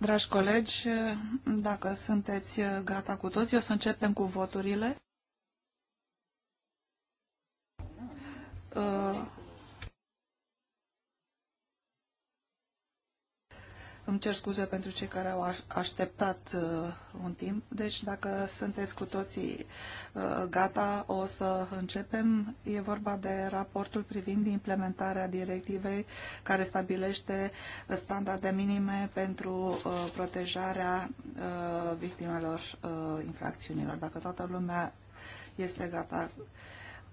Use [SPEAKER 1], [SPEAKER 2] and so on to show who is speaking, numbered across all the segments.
[SPEAKER 1] Dragi colegi, dacă sunteți gata cu toți, o să începem cu voturile. cer scuze pentru cei care au așteptat uh, un timp. Deci, dacă sunteți cu toții uh, gata, o să începem. E vorba de raportul privind implementarea directivei care stabilește standarde minime pentru uh, protejarea uh, victimelor uh, infracțiunilor. Dacă toată lumea este gata. Uh,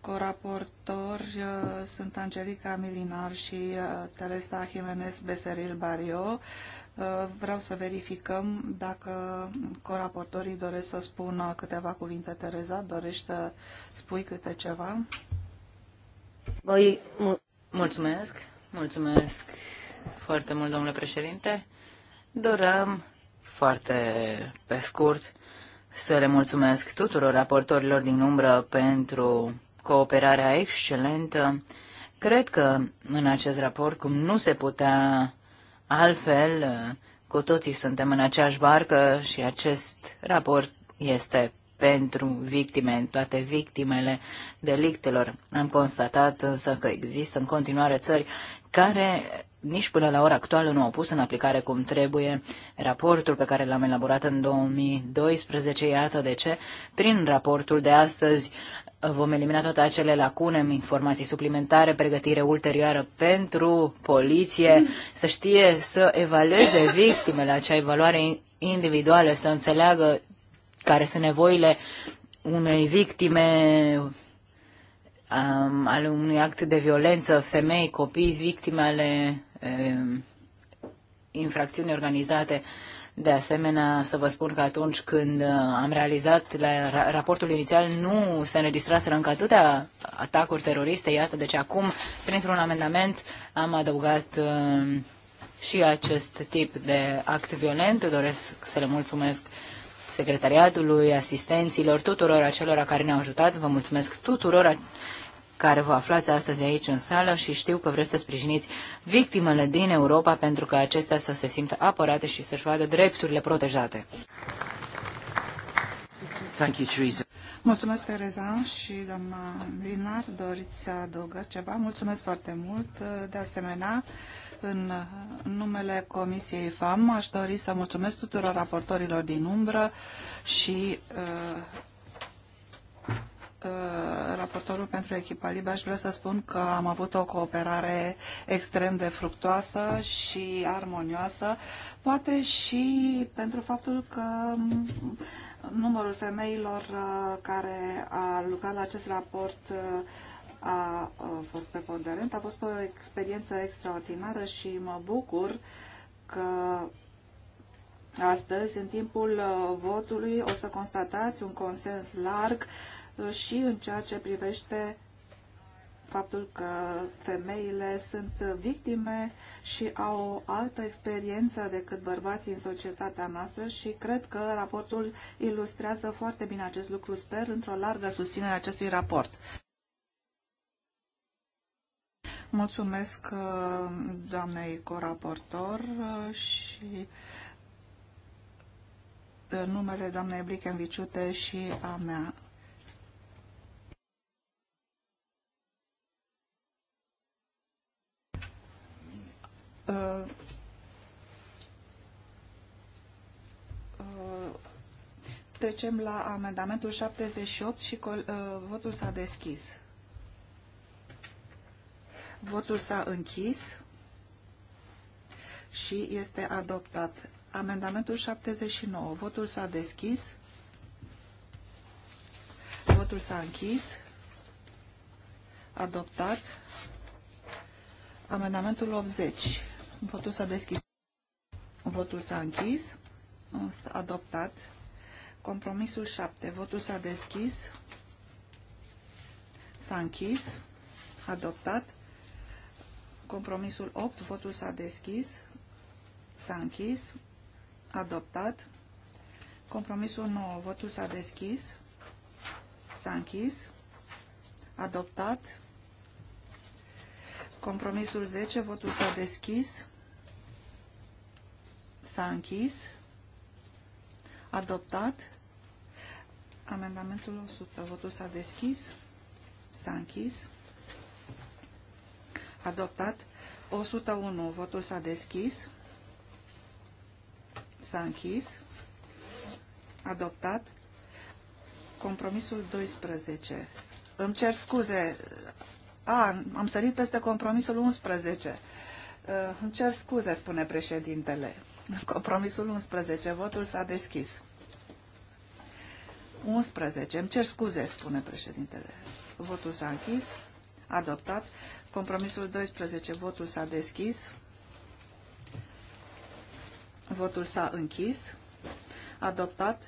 [SPEAKER 1] coraportori uh, sunt Angelica Milinar și uh, Teresa Jimenez Beseril Barrio. Uh, vreau să verificăm dacă coraportorii doresc să spună câteva cuvinte. Teresa, dorești să spui câte ceva?
[SPEAKER 2] Voi, mulțumesc, mulțumesc foarte mult, domnule președinte. Dorăm foarte pe scurt să le mulțumesc tuturor raportorilor din umbră pentru cooperarea excelentă. Cred că în acest raport, cum nu se putea altfel, cu toții suntem în aceeași barcă și acest raport este pentru victime, toate victimele delictelor. Am constatat însă că există în continuare țări care nici până la ora actuală nu au pus în aplicare cum trebuie raportul pe care l-am elaborat în 2012. Iată de ce, prin raportul de astăzi, vom elimina toate acele lacune, informații suplimentare, pregătire ulterioară pentru poliție, să știe să evalueze victimele, acea evaluare individuală, să înțeleagă care sunt nevoile unei victime um, ale unui act de violență, femei, copii, victime ale um, infracțiuni organizate. Uh, de asemenea, să vă spun că atunci când uh, am realizat la raportul inițial, nu se înregistraseră încă atâtea atacuri teroriste, iată, deci acum, printr-un amendament, am adăugat uh, și acest tip de act violent. Doresc să le mulțumesc secretariatului, asistenților, tuturor acelora care ne-au ajutat. Vă mulțumesc tuturor care vă aflați astăzi aici în sală și știu că vreți să sprijiniți victimele din Europa pentru că acestea să se simtă apărate și să-și vadă drepturile protejate.
[SPEAKER 1] Thank you, Teresa. Mulțumesc, Tereza și doamna Linar. Doriți să adăugați ceva? Mulțumesc foarte mult. De asemenea, în numele Comisiei FAM aș dori să mulțumesc tuturor raportorilor din umbră și uh, Uh, raportorul pentru echipa Libe, aș vrea să spun că am avut o cooperare extrem de fructoasă și armonioasă, poate și pentru faptul că numărul femeilor uh, care a lucrat la acest raport uh, a fost preponderent. A fost o experiență extraordinară și mă bucur că astăzi, în timpul votului, o să constatați un consens larg și în ceea ce privește faptul că femeile sunt victime și au o altă experiență decât bărbații în societatea noastră și cred că raportul ilustrează foarte bine acest lucru, sper, într-o largă susținere a acestui raport. Mulțumesc uh, doamnei coraportor uh, și uh, numele doamnei Blichenviciute și a mea. Uh, uh, trecem la amendamentul 78 și uh, votul s-a deschis. Votul s-a închis și este adoptat. Amendamentul 79. Votul s-a deschis. Votul s-a închis. Adoptat. Amendamentul 80. Votul s-a deschis. Votul s-a închis. S-a adoptat. Compromisul 7. Votul s-a deschis. S-a închis. Adoptat. Compromisul 8. Votul s-a deschis. S-a închis. Adoptat. Compromisul 9. Votul s-a deschis. S-a închis. Adoptat. Compromisul 10. Votul s-a deschis. S-a închis. Adoptat. Amendamentul 100. Votul s-a deschis. S-a închis. Adoptat. 101. Votul s-a deschis. S-a închis. Adoptat. Compromisul 12. Îmi cer scuze. A, am sărit peste compromisul 11. Uh, îmi cer scuze, spune președintele. Compromisul 11. Votul s-a deschis. 11. Îmi cer scuze, spune președintele. Votul s-a închis. Adoptat. Compromisul 12. Votul s-a deschis. Votul s-a închis. Adoptat.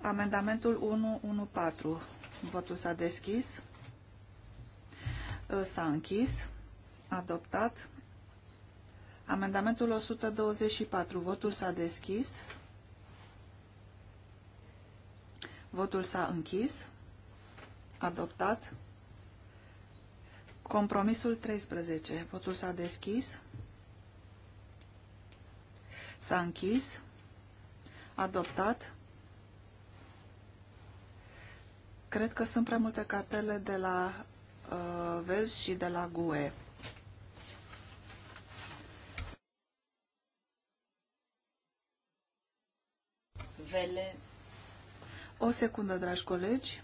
[SPEAKER 1] Amendamentul 114. Votul s-a deschis. S-a închis. Adoptat. Amendamentul 124. Votul s-a deschis. Votul s-a închis. Adoptat. Compromisul 13. Votul s-a deschis. S-a închis. Adoptat. Cred că sunt prea multe cartele de la uh, Vers și de la GUE. ele. O secundă, dragi colegi.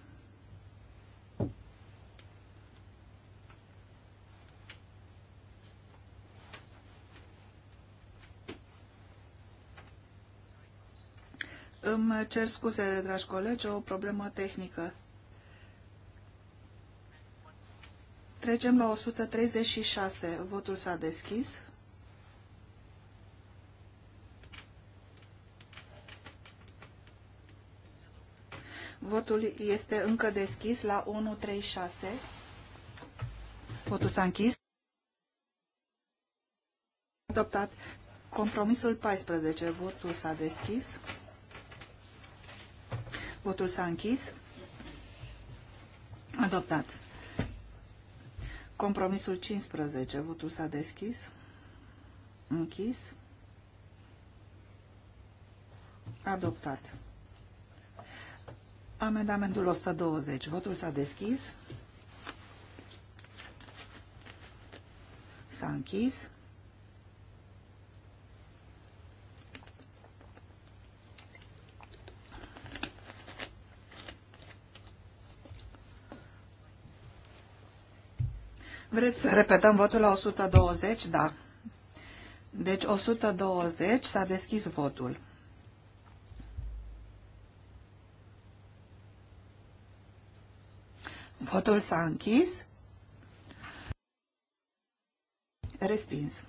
[SPEAKER 1] Îmi cer scuze, dragi colegi, o problemă tehnică. Trecem la 136. Votul s-a deschis. Votul este încă deschis la 136. Votul s-a închis. Adoptat. Compromisul 14. Votul s-a deschis. Votul s-a închis. Adoptat. Compromisul 15. Votul s-a deschis. Închis. Adoptat. Amendamentul 120. Votul s-a deschis. S-a închis. Vreți să repetăm votul la 120? Da. Deci 120 s-a deschis votul. Votul s-a închis. Respins.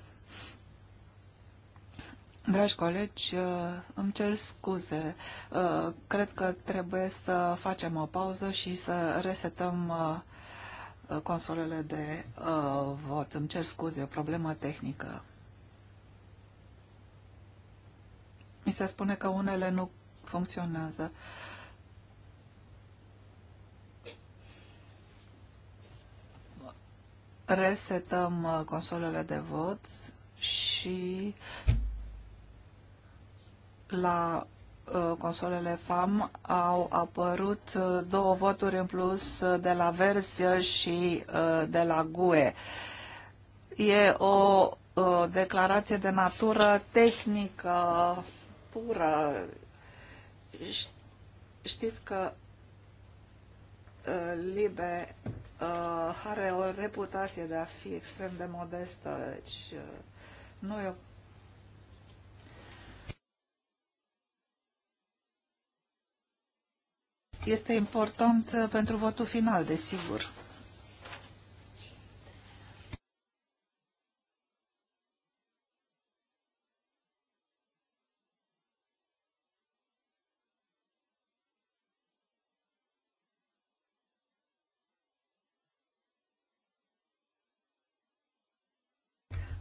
[SPEAKER 1] Dragi colegi, uh, îmi cer scuze. Uh, cred că trebuie să facem o pauză și să resetăm uh, consolele de vot. Îmi cer scuze, o problemă tehnică. Mi se spune că unele nu funcționează. Uh, resetăm uh, consolele de vot și la uh, consolele FAM au apărut uh, două voturi în plus de la Versia și de la GUE. E o declarație de natură tehnică pură. Știți că Libe Uh, are o reputație de a fi extrem de modestă, deci uh, nu e o Este important pentru votul final, desigur.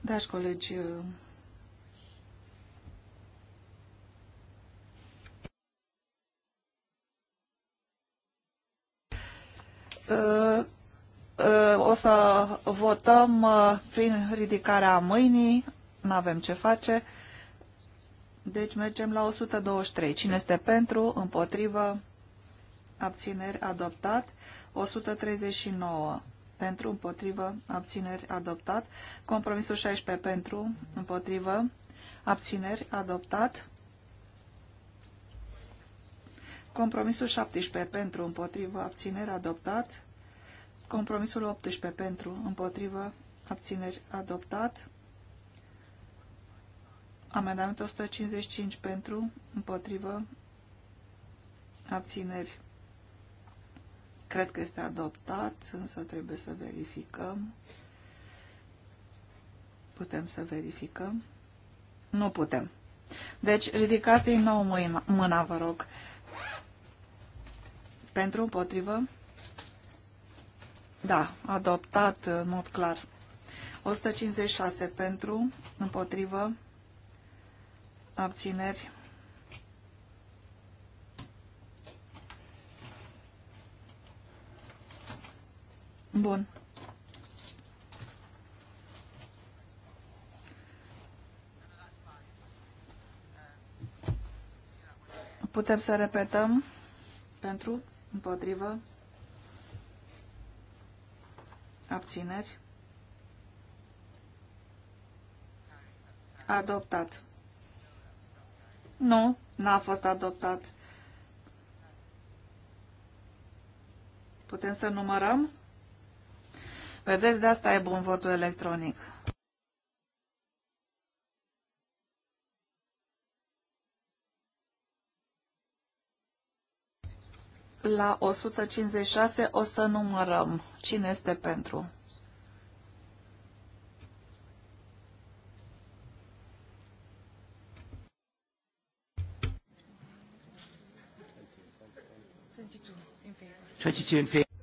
[SPEAKER 1] Dragi colegi, uh, uh, o să votăm uh, prin ridicarea mâinii, nu avem ce face, deci mergem la 123. Cine este pentru, împotrivă, abțineri, adoptat, 139 pentru, împotrivă, abțineri, adoptat. Compromisul 16 pentru, împotrivă, abțineri, adoptat. Compromisul 17 pentru, împotrivă, abțineri, adoptat. Compromisul 18 pentru, împotrivă, abțineri, adoptat. Amendamentul 155 pentru, împotrivă, abțineri, Cred că este adoptat, însă trebuie să verificăm. Putem să verificăm? Nu putem. Deci, ridicați din nou mâna, mâna vă rog. Pentru, împotrivă? Da, adoptat în mod clar. 156 pentru, împotrivă, abțineri, Bun. Putem să repetăm pentru, împotrivă, abțineri. Adoptat. Nu, n-a fost adoptat. Putem să numărăm? Vedeți, de asta e bun votul electronic. La 156 o să numărăm cine este pentru.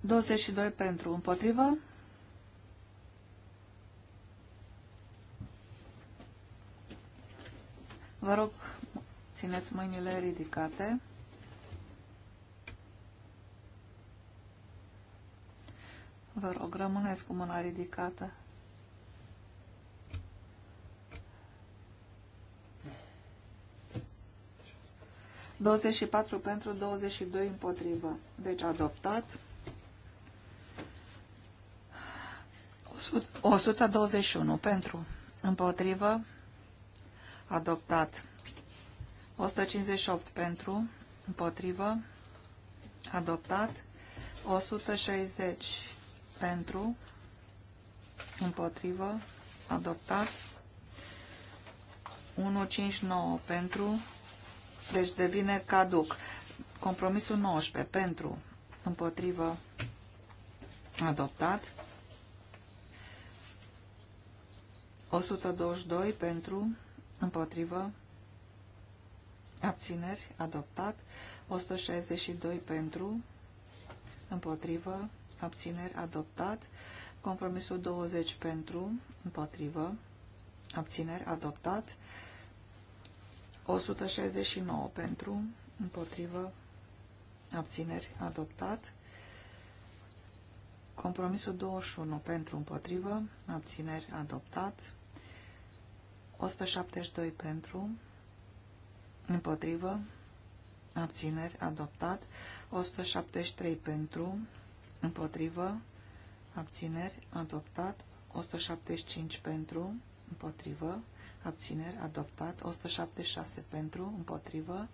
[SPEAKER 1] Douăzeci și doi pentru împotrivă. Vă rog, țineți mâinile ridicate. Vă rog, rămâneți cu mâna ridicată. Douăzeci și patru pentru, douăzeci și doi împotrivă. Deci adoptat. 121 pentru, împotrivă, adoptat. 158 pentru, împotrivă, adoptat. 160 pentru, împotrivă, adoptat. 159 pentru, deci devine caduc. Compromisul 19 pentru, împotrivă, adoptat. 122 pentru, împotrivă, abțineri, adoptat, 162 pentru, împotrivă, abțineri, adoptat, compromisul 20 pentru, împotrivă, abțineri, adoptat, 169 pentru, împotrivă, abțineri, adoptat, compromisul 21 pentru, împotrivă, abțineri, adoptat, 172 pentru, împotrivă, abțineri, adoptat. 173 pentru, împotrivă, abțineri, adoptat. 175 pentru, împotrivă, abțineri, adoptat. 176 pentru, împotrivă,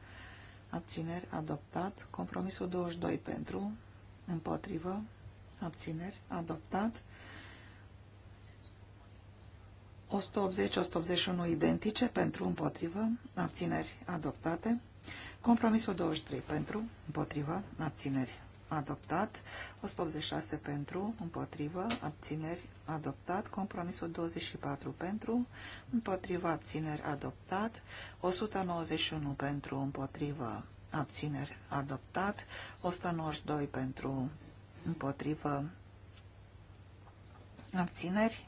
[SPEAKER 1] abțineri, adoptat. Compromisul 22 pentru, împotrivă, abțineri, adoptat. 180-181 identice pentru împotrivă, abțineri adoptate. Compromisul 23 pentru împotrivă, abțineri adoptat. 186 pentru împotrivă, abțineri adoptat. Compromisul 24 pentru împotrivă, abțineri adoptat. 191 pentru împotrivă, abțineri adoptat. 192 pentru împotrivă, abțineri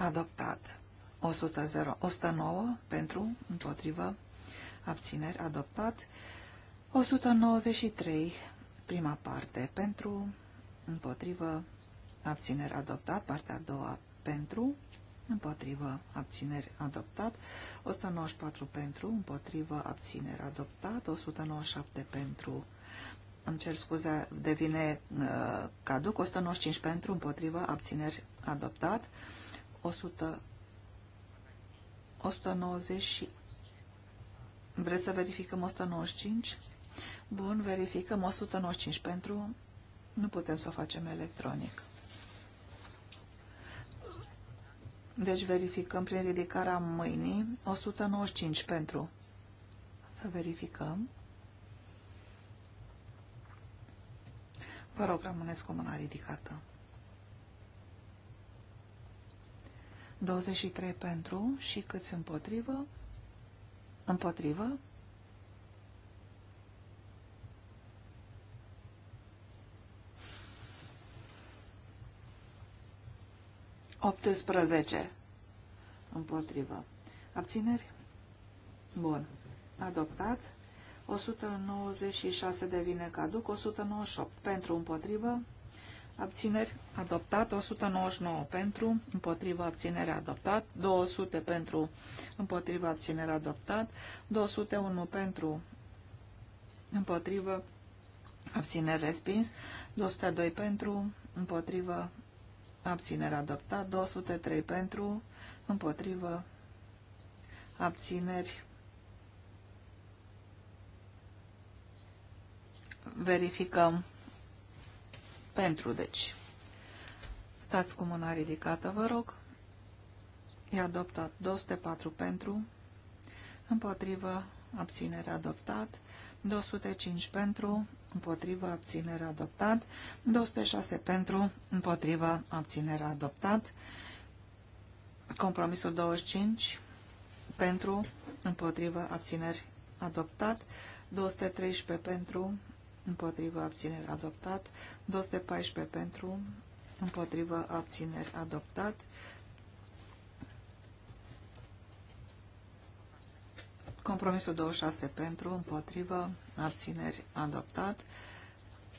[SPEAKER 1] adoptat. 100, 109 pentru, împotrivă, abțineri, adoptat. 193, prima parte, pentru, împotrivă, abțineri, adoptat. Partea a doua, pentru, împotrivă, abțineri, adoptat. 194 pentru, împotrivă, abțineri, adoptat. 197 pentru, îmi cer scuze, devine uh, caduc. 195 pentru, împotrivă, abțineri, adoptat. 100, 190 Vreți să verificăm 195? Bun, verificăm 195 pentru... Nu putem să o facem electronic. Deci verificăm prin ridicarea mâinii 195 pentru. Să verificăm. Vă rog, rămâneți cu mâna ridicată. 23 pentru și câți împotrivă? Împotrivă? Optsprezece. Împotrivă. Abțineri? Bun. Adoptat. 196 devine caduc. 198 pentru împotrivă. Abțineri adoptat 199 pentru, împotriva abținere adoptat, 200 pentru, împotriva abținere adoptat, 201 pentru, împotriva abținere respins, 202 pentru, împotriva abținere adoptat, 203 pentru, împotriva abțineri verificăm pentru, deci. Stați cu mâna ridicată, vă rog. E adoptat 204 pentru, împotrivă, abținere adoptat, 205 pentru, împotrivă, abținere adoptat, 206 pentru, împotrivă, abținere adoptat, compromisul 25 pentru, împotrivă, abțineri adoptat, 213 pentru, împotrivă abțineri adoptat, 214 pentru, împotrivă abțineri adoptat, compromisul 26 pentru, împotrivă abțineri adoptat,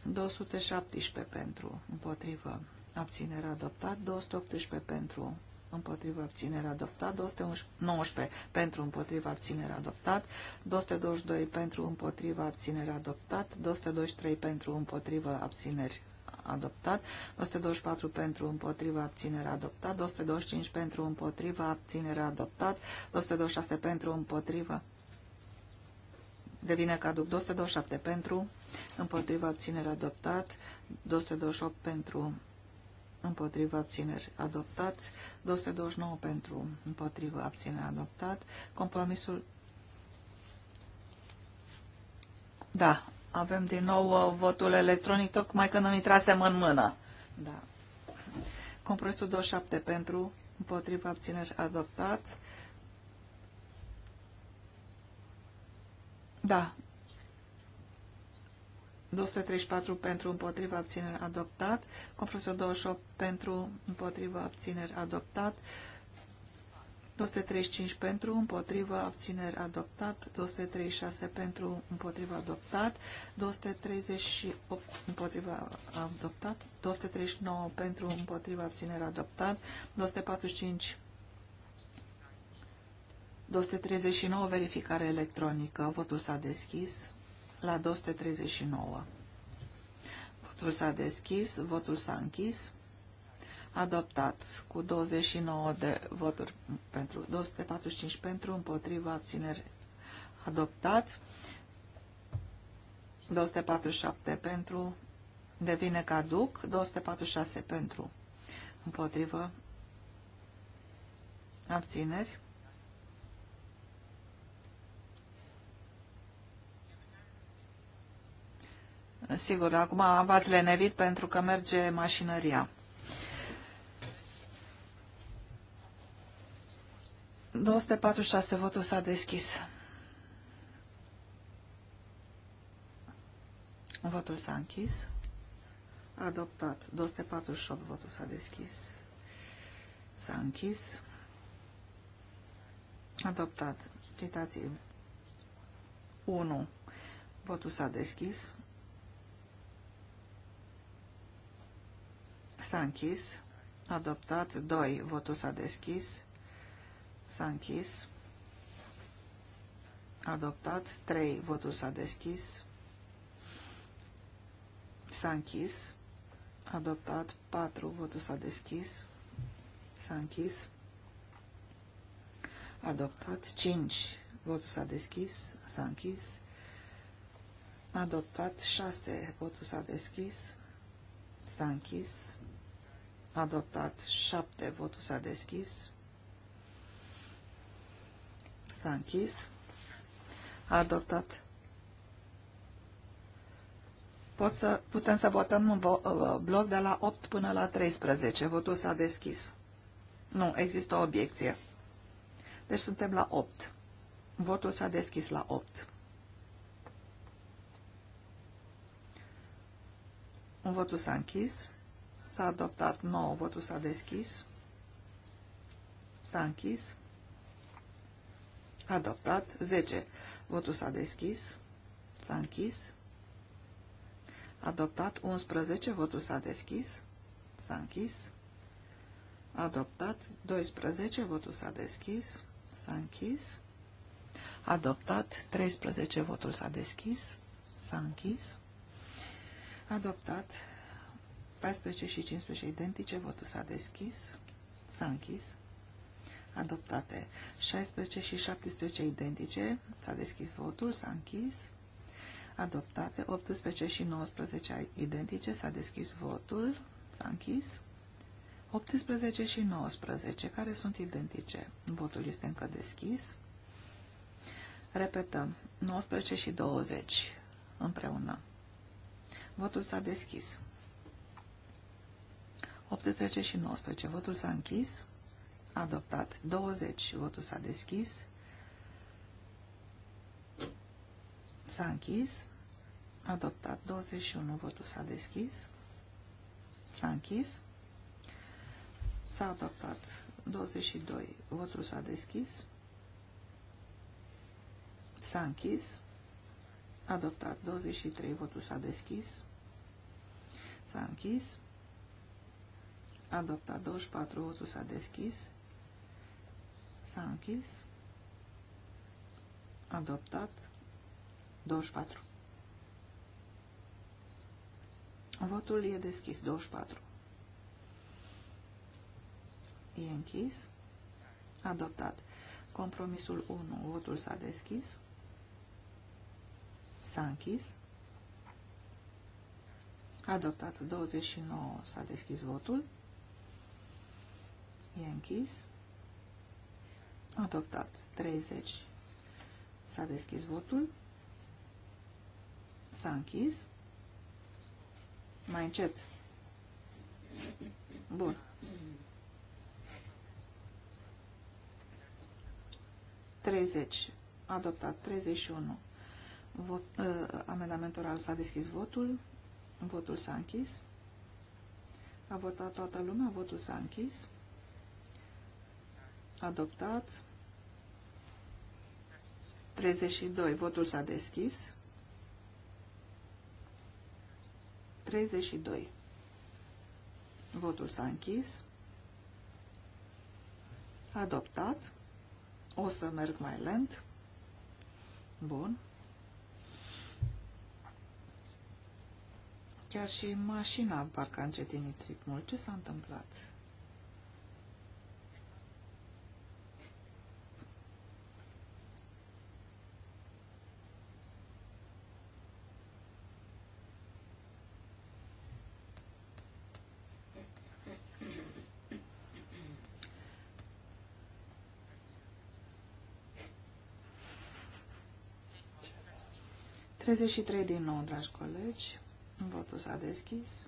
[SPEAKER 1] 217 pentru, împotrivă abțineri adoptat, 218 pentru, împotriva abținere adoptat, 219 pentru împotriva abținere adoptat, 222 pentru împotriva abținere adoptat, 223 pentru împotriva abțineri adoptat, 224 pentru împotriva abținere adoptat, 225 pentru împotriva abținere adoptat, 226 pentru împotriva devine caduc 227 pentru, împotriva abținere adoptat, 228 pentru împotrivă abțineri adoptat, 229 pentru împotrivă abțineri adoptat, compromisul da, avem din nou uh, votul electronic, tocmai când îmi intrasem în mână. Da. Compromisul 27 pentru, împotriva abțineri adoptat. Da, 234 pentru împotriva abțineri adoptat, compromisul 28 pentru împotriva abțineri adoptat, 235 pentru împotriva abțineri adoptat, 236 pentru împotriva adoptat, 238 împotriva adoptat, 239 pentru împotriva abțineri adoptat, 245 239 verificare electronică, votul s-a deschis la 239. Votul s-a deschis, votul s-a închis. Adoptat cu 29 de voturi pentru 245 pentru, împotriva abțineri adoptat. 247 pentru devine caduc, 246 pentru împotrivă abțineri Sigur, acum v-ați lenevit pentru că merge mașinăria. șase votul s-a deschis. Votul s-a închis. Adoptat. 248 votul s-a deschis. S-a închis. Adoptat. Citații 1. Votul s-a deschis. S-a închis. Adoptat. 2. Votul s-a deschis. S-a închis. Adoptat. 3. Votul s-a deschis. S-a închis. Adoptat. 4. Votul s-a deschis. S-a închis. Adoptat. 5. Votul s-a deschis. S-a închis. Adoptat. 6. Votul s-a deschis. S-a închis adoptat 7, votul s-a deschis, s-a închis, a adoptat. Pot să, putem să votăm în vo, uh, uh, bloc de la 8 până la 13, votul s-a deschis. Nu, există o obiecție. Deci suntem la 8. Votul s-a deschis la 8. Un Votul s-a închis. S-a adoptat 9. Votul s-a deschis. S-a închis. Adoptat 10. Votul s-a deschis. S-a închis. Adoptat 11. Votul s-a deschis. S-a închis. Adoptat 12. Votul s-a deschis. S-a închis. Adoptat 13. Votul s-a deschis. S-a închis. Adoptat 14 și 15 identice, votul s-a deschis, s-a închis, adoptate. 16 și 17 identice, s-a deschis votul, s-a închis, adoptate. 18 și 19 identice, s-a deschis votul, s-a închis. 18 și 19, care sunt identice. Votul este încă deschis. Repetăm, 19 și 20 împreună. Votul s-a deschis. 18 și 19. Votul s-a închis. Adoptat. 20. Votul s-a deschis. S-a închis. Adoptat. 21. Votul s-a deschis. S-a închis. S-a adoptat. 22. Votul s-a deschis. S-a închis. Adoptat. 23. Votul s-a deschis. S-a închis adoptat. 24, osul s-a deschis. S-a închis. Adoptat. 24. Votul e deschis. 24. E închis. Adoptat. Compromisul 1. Votul s-a deschis. S-a închis. Adoptat. 29. S-a deschis votul. E închis. Adoptat. 30. S-a deschis votul. S-a închis. Mai încet. Bun. Treizeci. Adoptat. 31. Vot, uh, amendamentul oral s-a deschis votul. Votul s-a închis. A votat toată lumea. Votul s-a închis adoptat. 32. Votul s-a deschis. 32. Votul s-a închis. Adoptat. O să merg mai lent. Bun. Chiar și mașina parcă a încetinit ritmul. Ce s-a întâmplat? 33 din nou, dragi colegi. Votul s-a deschis.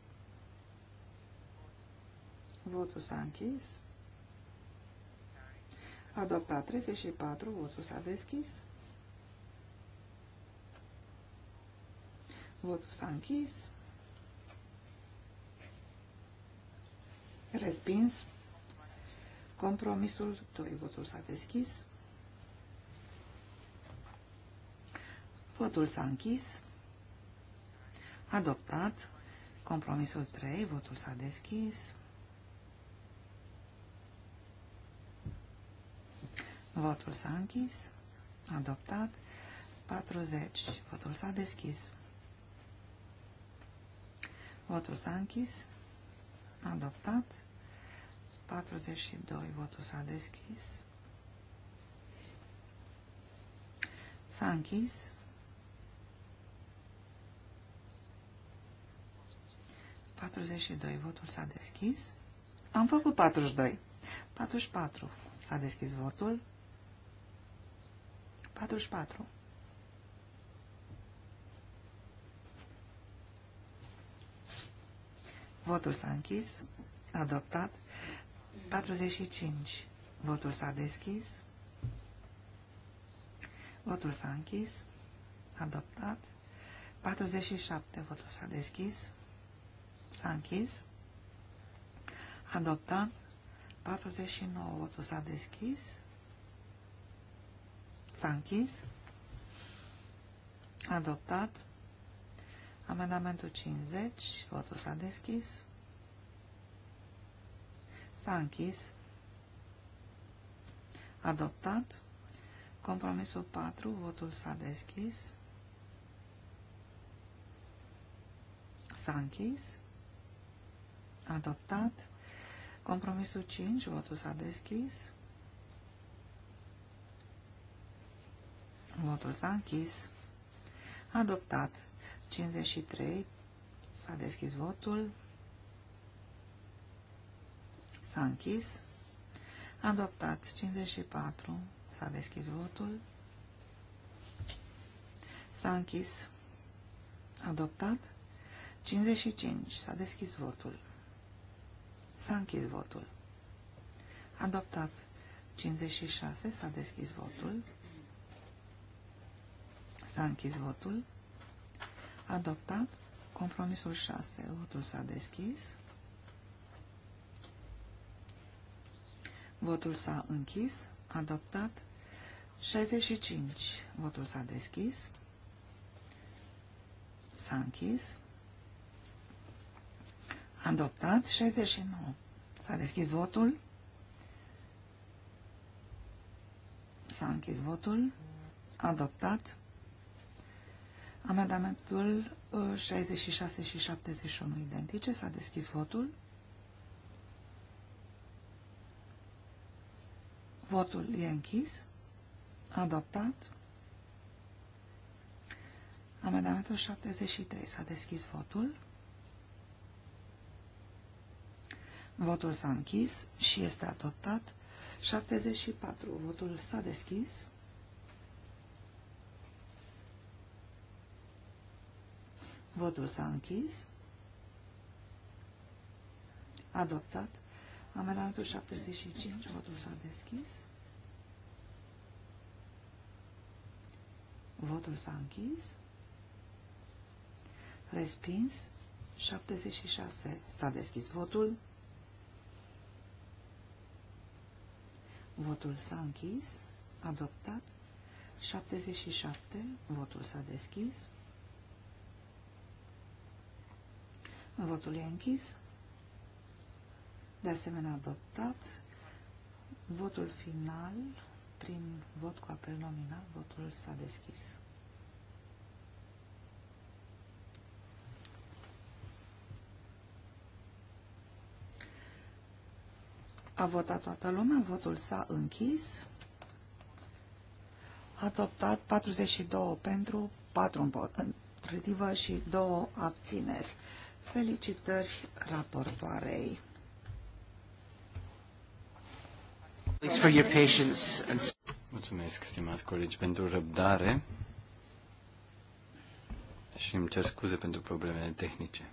[SPEAKER 1] Votul s-a închis. Adoptat 34, votul s-a deschis. Votul s-a închis. Respins. Compromisul 2, votul s-a deschis. Votul s-a închis. Adoptat. Compromisul 3. Votul s-a deschis. Votul s-a închis. Adoptat. 40. Votul s-a deschis. Votul s-a închis. Adoptat. 42. Votul s-a deschis. S-a închis. 42. Votul s-a deschis. Am făcut 42. 44. S-a deschis votul. 44. Votul s-a închis. Adoptat. 45. Votul s-a deschis. Votul s-a închis. Adoptat. 47. Votul s-a deschis. S-a închis. Adoptat. 49. Votul s-a deschis. S-a închis. Adoptat. Amendamentul 50. Votul s-a deschis. S-a închis. Adoptat. Compromisul 4. Votul s-a deschis. S-a închis. Adoptat. Compromisul 5, votul s-a deschis. Votul s-a închis. Adoptat. 53. S-a deschis votul. S-a închis. Adoptat. 54. S-a deschis votul. S-a închis. Adoptat. 55. S-a deschis votul. S-a închis votul. Adoptat. 56. S-a deschis votul. S-a închis votul. Adoptat. Compromisul 6. Votul s-a deschis. Votul s-a închis. Adoptat. 65. Votul s-a deschis. S-a închis. Adoptat. 69. S-a deschis votul. S-a închis votul. Adoptat. Amendamentul 66 uh, și 71 identice. S-a deschis votul. Votul e închis. Adoptat. Amendamentul 73. S-a deschis votul. Votul s-a închis și este adoptat. 74. Votul s-a deschis. Votul s-a închis. Adoptat. Amendamentul 75. Votul s-a deschis. Votul s-a închis. Respins. 76. S-a deschis votul. Votul s-a închis. Adoptat. 77. Votul s-a deschis. Votul e închis. De asemenea adoptat. Votul final prin vot cu apel nominal. Votul s-a deschis. A votat toată lumea, votul s-a închis. Adoptat 42 pentru, 4 împotrivă și 2 abțineri. Felicitări raportoarei.
[SPEAKER 2] Mulțumesc, stimați colegi, pentru răbdare
[SPEAKER 1] și îmi cer scuze pentru problemele tehnice.